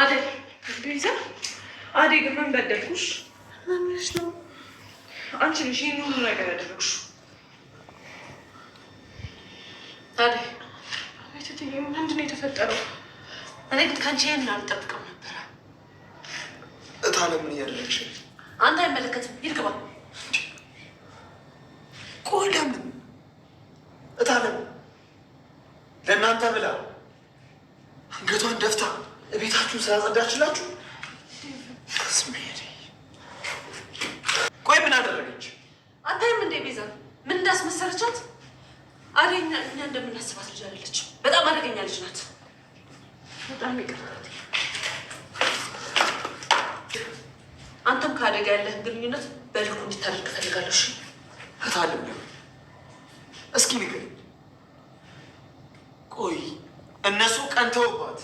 አደይ ቤዛ፣ አደይ ግን ምን በደልኩሽ? ምን ነው? አንቺ ነሽ ይህን ሁሉ ነገር ያደረግሽው። አደይ ቤት እትዬ፣ ምንድን ነው የተፈጠረው? እኔ ግን ከአንቺ ይህን አልጠብቅም ነበረ። እታለ እያደረግሽ? አንተ አይመለከትም፣ ሂድ ስላጸዳችላችሁ። ቆይ ምን አደረገች? አታይም እንዴ ቤዛ ምን እንዳስመሰረቻት? አደኛ እኛ እንደምናስባት ልጅ አይደለች። በጣም አደገኛ ልጅ ናት። በጣም ይቅርታ። አንተም ከአደጋ ያለህን ግንኙነት በልኩ እንዲታደርግ ፈልጋለሽ። እታለም እስኪ ንገር። ቆይ እነሱ ቀንተውባት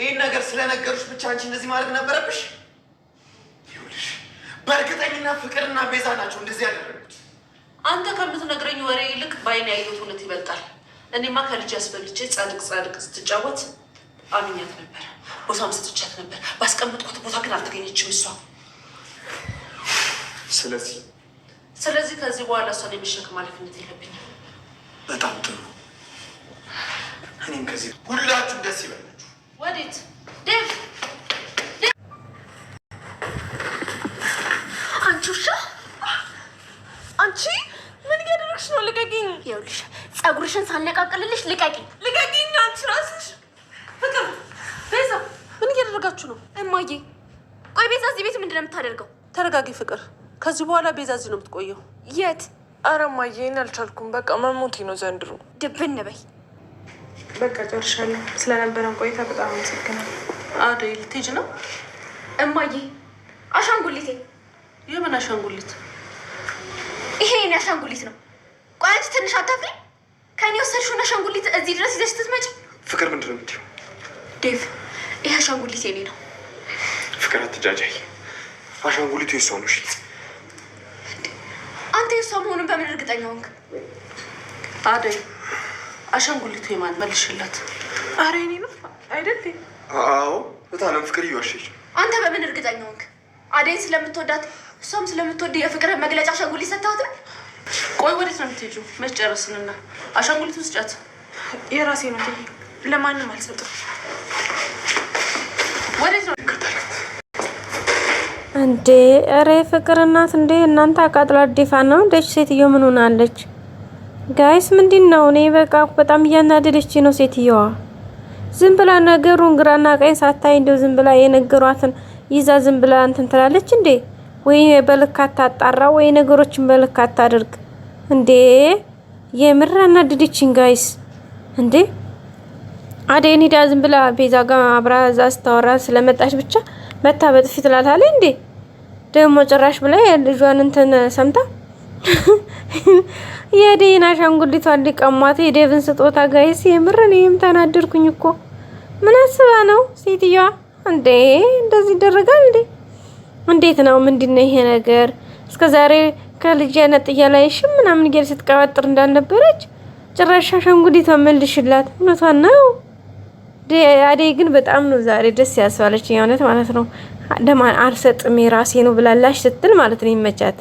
ይህን ነገር ስለነገሩሽ ብቻ አንቺ እንደዚህ ማድረግ ነበረብሽ? ይኸውልሽ በእርግጠኝና ፍቅርና ቤዛ ናቸው እንደዚህ ያደረጉት። አንተ ከምትነግረኝ ወሬ ይልቅ በአይን ያየሁት እውነት ይበልጣል። እኔማ ከልጅ ያስበልቼ ጻድቅ ጻድቅ ስትጫወት አምኛት ነበር፣ ቦታም ስትቻት ነበር። ባስቀመጥኩት ቦታ ግን አልተገኘችም እሷ። ስለዚህ ስለዚህ ከዚህ በኋላ እሷን የሚሸክም ኃላፊነት የለብኝም። በጣም ጥሩ። እኔም ከዚህ ሁላችሁ ደስ ይበል ወዴት? ዴቭ አንቺ ውሻ! አንቺ ምን እያደረግሽ ነው? ልቀቂኝ! ይኸውልሽ ፀጉርሽን ሳነቃቅልልሽ ልቀቂኝ! ልቀቂኝ! አንቺ ራስሽ ፍቅር ቤዛ፣ ምን እያደረጋችሁ ነው? እማዬ፣ ቆይ ቤዛ እዚህ ቤት ምንድን ነው የምታደርገው? ተረጋጊ ፍቅር፣ ከዚህ በኋላ ቤዛ እዚህ ነው የምትቆየው። የት? ኧረ እማዬ፣ እኔ አልቻልኩም። በቃ መሞቴ ነው ዘንድሮ። ድብን በይ በቃ ጨርሻለሁ። ስለነበረን ቆይታ በጣም አመሰግናለሁ። አደይ ልትሄጂ ነው? እማዬ አሻንጉሊቴ። የምን አሻንጉሊት? ይሄ የኔ አሻንጉሊት ነው። ቆይ አንቺ ትንሽ አታፍሪ? ከእኔ ወሰድሽውን አሻንጉሊት እዚህ ድረስ ይዘሽ ስትመጪ። ፍቅር ምንድን ነው የምትይው? ዴቭ ይሄ አሻንጉሊት የኔ ነው። ፍቅር አትጃጃይ። አሻንጉሊቱ የሷ ነው። እሺ አንተ የሷ መሆኑን በምን እርግጠኛ ሆንክ አደይ? አሻንጉሊቱ የማን መልሽለት። ኧረ የእኔ ነው አይደል? አዎ በጣም ፍቅር እየዋሸች አንተ በምን እርግጠኛ ሆንክ? አደይን ስለምትወዳት እሷም ስለምትወድ የፍቅርህ መግለጫ አሻንጉሊት ሰጥተዋት ቆይ ወዴት ነው የምትሄጂው? መች ጨረስንና አሻንጉሊቱ ስጫት። የራሴ ነው ለማንም አልሰጥም። ወዴት ነው እንዴ? ኧረ የፍቅር እናት እንዴ! እናንተ አቃጥላ ዲፋ ነው እንዴች? ሴትዮ ምን ሆናለች? ጋይስ ምንድን ነው? እኔ በቃ በጣም እያናደደች ነው ሴትየዋ። ዝም ብላ ነገሩን ግራና ቀኝ ሳታይ እንደው ዝም ብላ የነገሯትን ይዛ ዝም ብላ እንትን ትላለች እንዴ! ወይ በልክ አታጣራ፣ ወይ ነገሮችን በልክ አታደርግ እንዴ! የምር አናደደችኝ ጋይስ። እንዴ አደይን ሂዳ ዝም ብላ ቤዛ ጋር አብራ እዛ ስታወራ ስለመጣች ብቻ መታ በጥፊ ትላታለች እንዴ! ደግሞ ጭራሽ ብላ ልጇን እንትን ሰምታ የዴን አሻንጉሊቷ ሊቀሟት የደብን ስጦታ ጋይስ፣ የምር እኔም ተናደድኩኝ እኮ። ምን አስባ ነው ሴትዮዋ እንዴ? እንደዚህ ይደረጋል እንዴ? እንዴት ነው ምንድን ነው ይሄ ነገር? እስከ ዛሬ ከልጅ አይነት ጥያላይሽም ምናምን ጌር ስትቀባጥር እንዳልነበረች ጭራሽ አሻንጉሊቷ መልሽላት። እውነቷን ነው። አደይ ግን በጣም ነው ዛሬ ደስ ያስባለች የእውነት ማለት ነው። ደማ አልሰጥም የራሴ ነው ብላላሽ ስትል ማለት ነው ይመቻት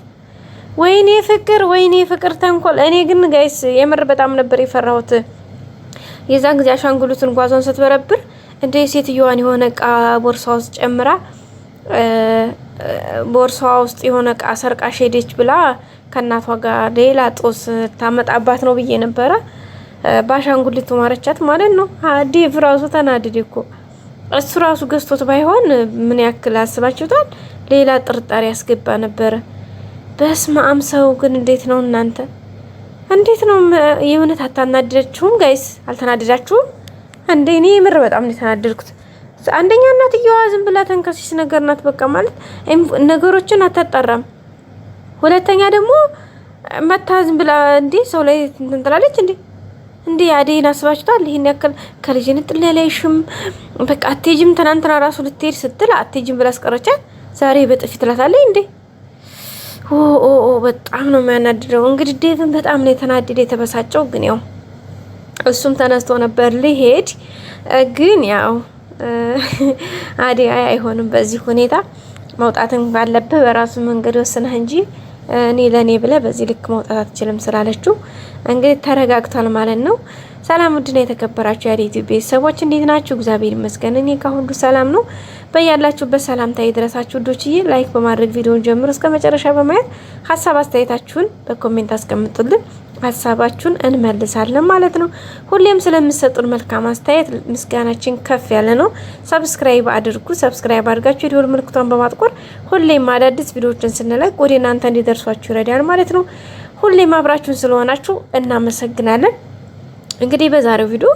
ወይኔ ፍቅር ወይኔ ፍቅር ተንኮል። እኔ ግን ጋይስ የምር በጣም ነበር የፈራሁት የዛን ጊዜ አሻንጉሊቱን ጓዟን ስትበረብር እንደ ሴትዮዋን የሆነ እቃ ቦርሳ ውስጥ ጨምራ ቦርሳዋ ውስጥ የሆነ እቃ ሰርቃ ሄደች ብላ ከእናቷ ጋር ሌላ ጦስ ታመጣባት ነው ብዬ ነበረ። በአሻንጉሊቱ ማረቻት ማለት ነው። ዴቭ ራሱ ተናድድ እኮ እሱ ራሱ ገዝቶት ባይሆን ምን ያክል አስባችሁታል? ሌላ ጥርጣሬ ያስገባ ነበረ። በስመ አብ ሰው ግን እንዴት ነው እናንተ እንዴት ነው የእውነት አታናደዳችሁም ጋይስ አልተናደዳችሁም እንዴ እኔ የምር በጣም ነው የተናደድኩት አንደኛ እናትየዋ ዝም ብላ ተንከሲስ ነገር ናት በቃ ማለት ነገሮችን አታጣራም ሁለተኛ ደግሞ መታ ዝም ብላ እንዴ ሰው ላይ እንትን ትላለች እንዴ እንዴ አዴን አስባችኋል ይሄን ያክል ከልጅን ጥላ ላይሽም በቃ አትሄጂም ትናንትና ራሱ ልትሄድ ስትል አትሄጂም ብላ አስቀረቻት ዛሬ በጥፊ ትላታለች እንዴ ኦ ኦ በጣም ነው የሚያናድደው። እንግዲህ ዴቭን በጣም ነው የተናደደ የተበሳጨው። ግን ያው እሱም ተነስቶ ነበር ሊሄድ፣ ግን ያው አደይ አይሆንም በዚህ ሁኔታ መውጣትን ባለብህ በራሱ መንገድ ወስነህ እንጂ እኔ ለእኔ ብለ በዚህ ልክ መውጣት አትችልም ስላለችው እንግዲህ ተረጋግቷል ማለት ነው። ሰላም ውድና የተከበራችሁ ያሬ ኢትዮጵያ ቤተሰቦች እንዴት ናችሁ? እግዚአብሔር ይመስገን እኔ ከሁሉ ሰላም ነው። በያላችሁበት ሰላምታ ይድረሳችሁ ውዶችዬ። ላይክ በማድረግ ቪዲዮን ጀምሮ እስከ መጨረሻ በማየት ሀሳብ አስተያየታችሁን በኮሜንት አስቀምጡልን። ሀሳባችሁን እንመልሳለን ማለት ነው። ሁሌም ስለምሰጡን መልካም አስተያየት ምስጋናችን ከፍ ያለ ነው። ሰብስክራይብ አድርጉ። ሰብስክራይብ አድርጋችሁ የደወል ምልክቷን በማጥቆር ሁሌም አዳዲስ ቪዲዮዎችን ስንለቅ ወደ እናንተ እንዲደርሷችሁ ይረዳል ማለት ነው። ሁሌም አብራችሁን ስለሆናችሁ እናመሰግናለን። እንግዲህ በዛሬው ቪዲዮ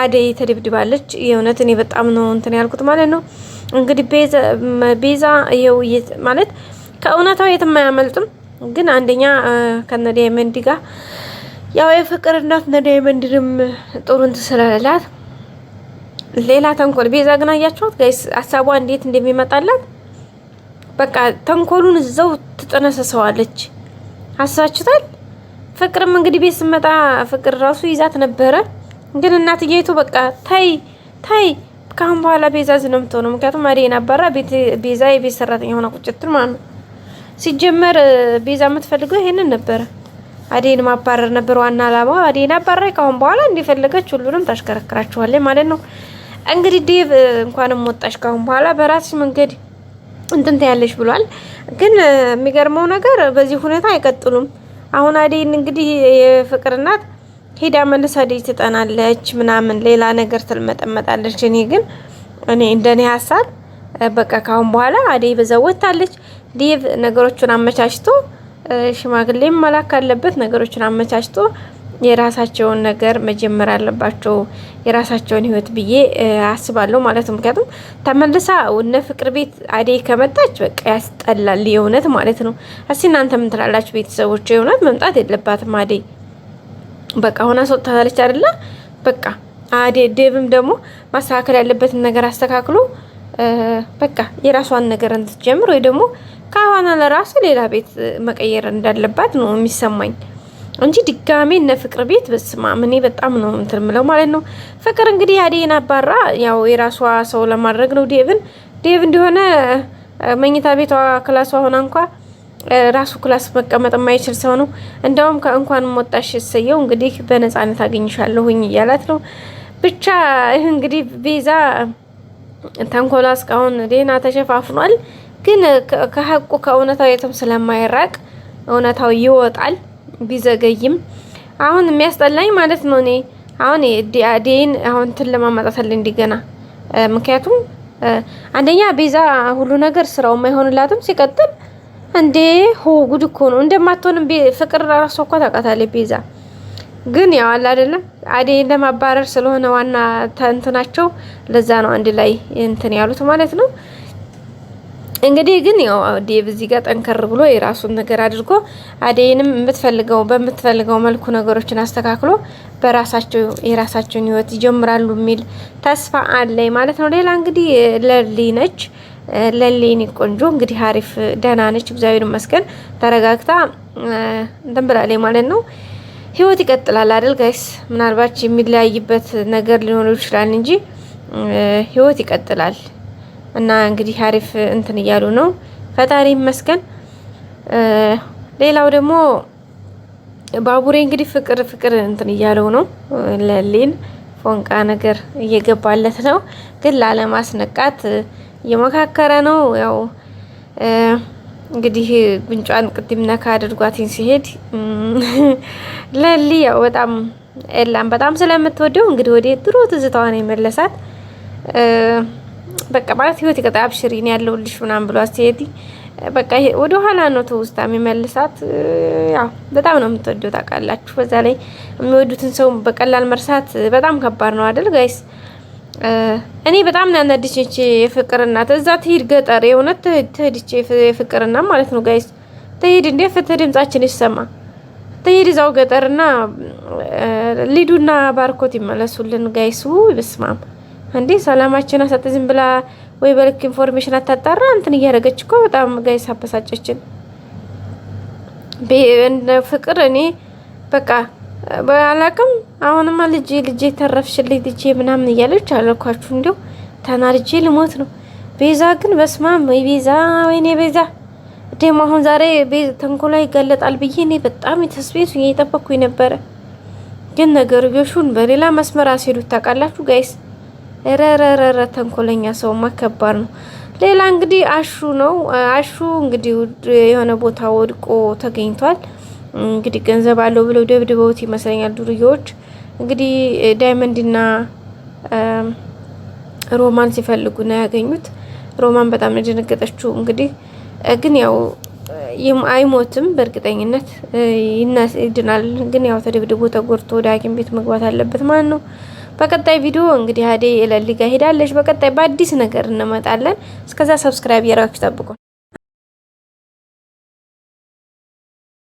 አደይ ተደብድባለች። የእውነት እኔ በጣም ነው እንትን ያልኩት ማለት ነው። እንግዲህ ቤዛ ይኸው ማለት ከእውነታው የትም አያመልጥም። ግን አንደኛ ከነ ዳይመንድ ጋር ያው የፍቅር እናት እነ ዳይመንድንም ጥሩ እንትን ሌላ ተንኮል ቤዛ ግን አያችኋት ጋይስ ሀሳቧ እንዴት እንደሚመጣላት በቃ ተንኮሉን እዛው ትጠነሰሰዋለች። አስባችሁታል? ፍቅርም እንግዲህ ቤት ስመጣ ፍቅር ራሱ ይዛት ነበረ። ግን እናትየቱ በቃ ታይ ታይ ከአሁን በኋላ ቤዛ ዝነምቶ ነው። ምክንያቱም አባራ ቤት ቤዛ የቤት ሰራተኛ ሆና ቁጭ ማለት ነው። ሲጀመር ቤዛ የምትፈልገው ይሄንን ነበረ። አዴን ማባረር ነበር ዋና አላማዋ። አዴን አባረረ። ካሁን በኋላ እንደፈለገች ሁሉንም ታሽከረክራችኋለች ማለት ነው። እንግዲህ ዴቭ እንኳንም ወጣሽ፣ ካሁን በኋላ በራስሽ መንገድ እንትን ታያለሽ ብሏል። ግን የሚገርመው ነገር በዚህ ሁኔታ አይቀጥሉም። አሁን አዴን እንግዲህ የፍቅር እናት ሄዳ መልስ አዴ ትጠናለች ምናምን ሌላ ነገር ትልመጠመጣለች። እኔ ግን እኔ እንደኔ ሀሳብ በቃ ካሁን በኋላ አደይ በዘወታለች። ዴቭ ነገሮቹን አመቻችቶ ሽማግሌ መላክ አለበት። ነገሮችን አመቻችቶ የራሳቸውን ነገር መጀመር አለባቸው የራሳቸውን ህይወት ብዬ አስባለሁ ማለት ነው። ምክንያቱም ተመልሳ እነ ፍቅር ቤት አደይ ከመጣች በቃ ያስጠላል፣ የእውነት ማለት ነው። እስኪ እናንተ ምን ትላላችሁ ቤተሰቦች? የእውነት መምጣት የለባትም አደይ በቃ አሁን አስወጥታታለች አይደለ? በቃ አደይ ዴቭም ደግሞ ማስተካከል ያለበትን ነገር አስተካክሎ በቃ የራሷን ነገር እንድትጀምር ወይ ደግሞ ከአሁን ለራሱ ሌላ ቤት መቀየር እንዳለባት ነው የሚሰማኝ እንጂ ድጋሜ እነ ፍቅር ቤት በስማ እኔ በጣም ነው እንትን ምለው ማለት ነው። ፍቅር እንግዲህ አዴን አባራ ያው የራሷ ሰው ለማድረግ ነው ዴቭን ዴቭ እንደሆነ መኝታ ቤቷ ክላሷ ሆና እንኳ ራሱ ክላስ መቀመጥ የማይችል ሰው ነው። እንደውም ከእንኳን ሞጣሽ ሰየው እንግዲህ በነፃነት አገኝሻለሁኝ እያላት ነው። ብቻ ይህ እንግዲህ ቤዛ ተንኮሏ እስካሁን ዴና ተሸፋፍኗል። ግን ከሀቁ ከእውነታው የትም ስለማይራቅ እውነታው ይወጣል ቢዘገይም። አሁን የሚያስጠላኝ ማለት ነው እኔ አሁን ዴን አሁን ትን ለማመጣታል እንዲገና ምክንያቱም አንደኛ ቤዛ ሁሉ ነገር ስራው የማይሆንላትም ሲቀጥል እንዴ ሆ ጉድ እኮ ነው እንደማትሆንም ፍቅር ራሷ እኮ ታውቃታለች ቤዛ ግን ያው አለ አይደለም አዴን ለማባረር ስለሆነ ዋና ተንትናቸው ለዛ ነው አንድ ላይ እንትን ያሉት ማለት ነው። እንግዲህ ግን ያው ዴቭ እዚህ ጋር ጠንከር ብሎ የራሱን ነገር አድርጎ አዴንም የምትፈልገው በምትፈልገው መልኩ ነገሮችን አስተካክሎ በራሳቸው የራሳቸውን ህይወት ይጀምራሉ የሚል ተስፋ አለኝ ማለት ነው። ሌላ እንግዲህ ለሊ ነች። ለሌኒ ቆንጆ እንግዲህ አሪፍ ደህና ነች፣ እግዚአብሔር ይመስገን ተረጋግታ እንትን ብላለች ማለት ነው። ህይወት ይቀጥላል አይደል ጋይስ? ምናልባት የሚለያይበት ነገር ሊኖር ይችላል እንጂ ህይወት ይቀጥላል። እና እንግዲህ አሪፍ እንትን እያሉ ነው፣ ፈጣሪ ይመስገን። ሌላው ደግሞ ባቡሬ እንግዲህ ፍቅር ፍቅር እንትን እያለው ነው ለሊን ፎንቃ ነገር እየገባለት ነው፣ ግን ላለማስነቃት እየመካከረ ነው። ያው እንግዲህ ጉንጯን ቅድም ነካ አድርጓትን ሲሄድ ለሊ ያው በጣም ኤላን በጣም ስለምትወደው እንግዲህ ወደ ድሮ ትዝታዋን ነው የመለሳት። በቃ ማለት ህይወት ይቀጣ አብሽሪን ያለውልሽ ምናምን ብሎ ሲሄድ በቃ ወደ ኋላ ነው ትውስታ የሚመልሳት። ያው በጣም ነው የምትወደው ታውቃላችሁ። በዛ ላይ የሚወዱትን ሰው በቀላል መርሳት በጣም ከባድ ነው አይደል ጋይስ? እኔ በጣም ናናድችች የፍቅር እናት እዛ ትሂድ ገጠር የእውነት ትሂድች የፍቅር እናት ማለት ነው ጋይስ። ትሂድ እንዴ ፍትህ ድምጻችን ይሰማ ትሄድ እዛው ገጠርና ሊዱና ባርኮት ይመለሱልን። ጋይሱ ይብስማም እንዴ ሰላማችን አሳጥ ዝም ብላ ወይ በልክ ኢንፎርሜሽን አታጣራ እንትን እያደረገች እኮ በጣም ጋይስ አበሳጨችን። ፍቅር እኔ በቃ በአላቅም አሁንማ ልጄ ልጄ ተረፍሽልኝ ልጄ ምናምን እያለች አለኳችሁ። እንዲሁ ተናድጄ ልሞት ነው። ቤዛ ግን በስማም ወይ ቤዛ ወይኔ ቤዛ ደግሞ አሁን ዛሬ ተንኮላ ይጋለጣል ብዬ እኔ በጣም ተስቤቱ እየጠበቅኩኝ ነበረ። ግን ነገርዮሹን በሌላ መስመር አስሄዱት። ታውቃላችሁ ጋይስ፣ ረረረረ ተንኮለኛ ሰውማ ከባድ ነው። ሌላ እንግዲህ አሹ ነው። አሹ እንግዲህ የሆነ ቦታ ወድቆ ተገኝቷል። እንግዲህ ገንዘብ አለው ብለው ደብድበውት ይመስለኛል ዱርዬዎች። እንግዲህ ዳይመንድና ሮማን ሲፈልጉ ነው ያገኙት። ሮማን በጣም ነው የደነገጠችው እንግዲህ ግን ያው አይሞትም በእርግጠኝነት ይድናል። ግን ያው ተደብድቦ ተጎድቶ ወደ ሐኪም ቤት መግባት አለበት ማለት ነው። በቀጣይ ቪዲዮ እንግዲህ አደይ ለሊጋ ሄዳለች። በቀጣይ በአዲስ ነገር እንመጣለን። እስከዛ ሰብስክራይብ እያደረጋችሁ ጠብቁን።